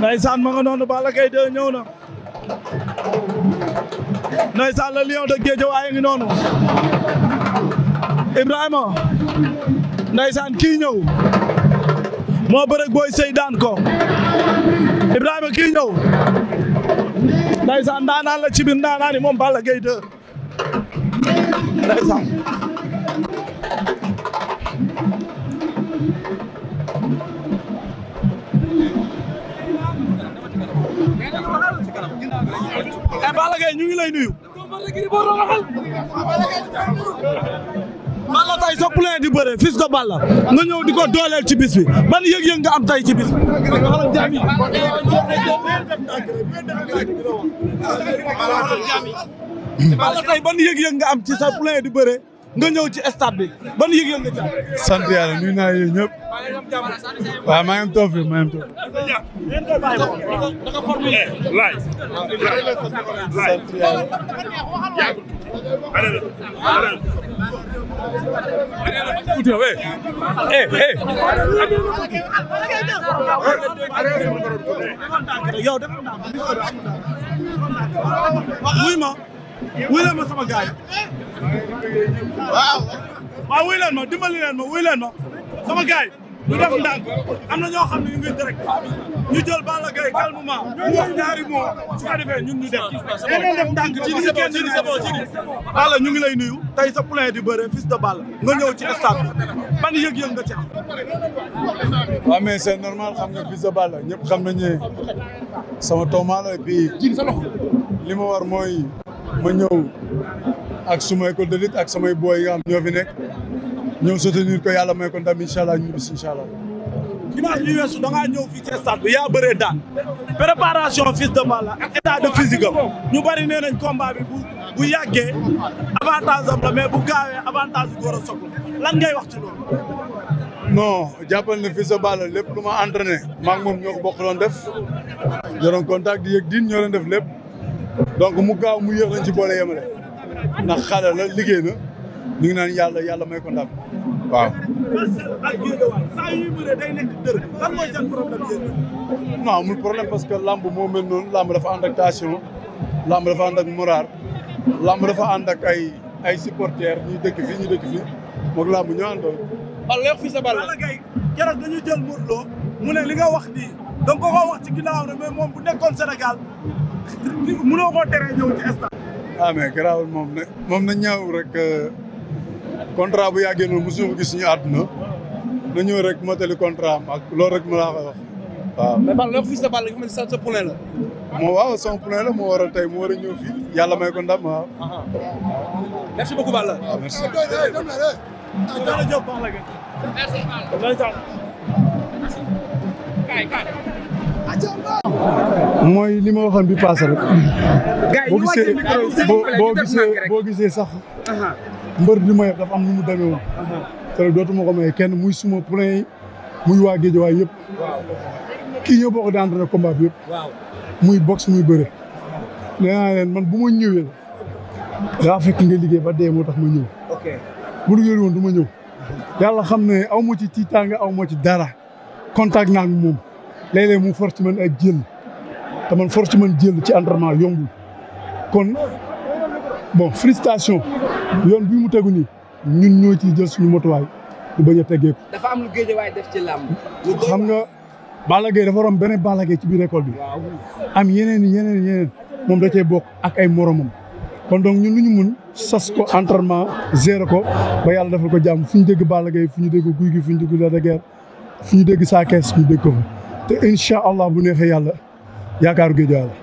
Ndeysaan ma nga noonu Balla Gaye 2 ñëw na Ndeysaan le lion de Guédiawaye ngi noonu Ibrahima Ndeysaan kii ñëw moo bërëg booy sëy ko Ibrahima kii ñëw Ndeysaan ndaanaan la ci biir ndaanaan yi moom Balla Gaye 2 mais eh, ñu ngi lay nuyu. Balla tay soog bu leen di bëre Fils de Balla nga ñëw di ko dooleel ci bis bi ban yëg-yëg nga am tay ci bis bi. Balla tay ban yëg nga am ci sa bu di bëre nga ñëw ci stade bi ban yëg-yëg nga ci am. sant naa yéen ñëpp. waaw maa ngi am toofi maa ngi am toofi. laaj. laaj. yow dafa wuy ma wuy leen ma sama gaay waaw wuy leen ma dimbali leen ma wuy leen ma sama gaay ñu def ndànk am na ñoo xam ne ñu ngi ñu jël Balla Gaye calmement mu wax ñaari mots su ko ñun ñu def leneen def ñu ngi lay nuyu tey sa poulain di bëre fils de Balla nga ñëw ci stade bi ban yëg-yëg ci am waaw xam nga fils ñëpp xam nañu sama tooma la bi li ma war mooy ma ñëw ak suma école de lutte ak samay boy nga xam ñoo fi nekk ñëw soutenir ko yàlla may ko ndam incha allah ñu bis incha allah. dimanche bi weesu da ngaa ñëw fii ci yaa bëree daan préparation Fils de Balla ak état de physique am ñu bari nee nañ combat bu yàggee avantage am la mais bu gaawee avantage bi góor a soxla lan ngay wax ci loolu. non jàppal ne Fils de Balla lépp lu ma entraîné maa ngi moom ñoo ko bokk def ñoo doon contact di yëg diin ñoo doon def lépp donc mu gaaw mu yéex lañ ci boole yemale ndax xale la liggéey na ñu naan yàlla yàlla may ko waaw. non amul problème parce que lamb moo mel noonu lamb dafa ànd ak tension lamb dafa ànd ak moral dafa ànd ay ay supporters ñuy dëkk fii ñuy dëkk fii moog lamb ñoo àndoon. bal léegi fii sa bal la gay jël Modou Lo mu ne li nga wax nii da nga ko rek moom bu nekkoon Sénégal mënoo koo teree ñëw ci stade. ah mais moom na ñaaw rek. Euh, contrat bu yàggee noonu mosuñu ko gis suñu àdduna na ñëw rek motali contrat am ak loolu rek ma laa koy wax waaw. mais Balla loolu fils de Balla nga xam ne sa sa poulain la. moo waaw son poulain la moo waral tey moo war a ñëw fii yàlla may ko ndam waaw. Ah, ah. merci beaucoup Balla. waaw merci. mooy li ma waxoon bi paase rek. boo gisee boo gisee boo gisee sax. Ah, mbër di ma yëpp dafa am nu mu demee woon. te rek dootuma ko may kenn muy suma poulain yi muy waa Géejawaay yëpp. kii ñëw boo ko daan na combat yëpp. muy boxe muy bëre. nee naa leen man bu ma ñëwee daa fekk nga liggéey ba dee moo tax ma ñëw. ok bu liggéey woon du ma ñëw. yàlla xam ne aw ma ci tiitaange aw ma ci dara. contact naa moom léeg mu force ci man ak jël te man force ci man jël ci entraînement yombul kon. bon félicitation yoon bi mu tegu nii ñun ñoo ciy jël suñu motuwaay ñu bañ a teggee ko. dafa am lu Guédiawaye def ci làmb. xam nga Balla Gaye dafa rom beneen Balla Gaye ci biir école bi. am yeneen yeneen yeneen moom da cee bokk ak ay moromam. kon donc ñun lu ñu mun sas ko entraînement gérer ko ba yàlla defal ko jàmm fu ñu dégg Balla Gaye fu ñu dégg Gouye Gui fu ñu dégg Lac de Guiers fu ñu dégg Sa Thiès ñu dégg ko fa te incha allah bu neexee yàlla yaakaar Guédiawaye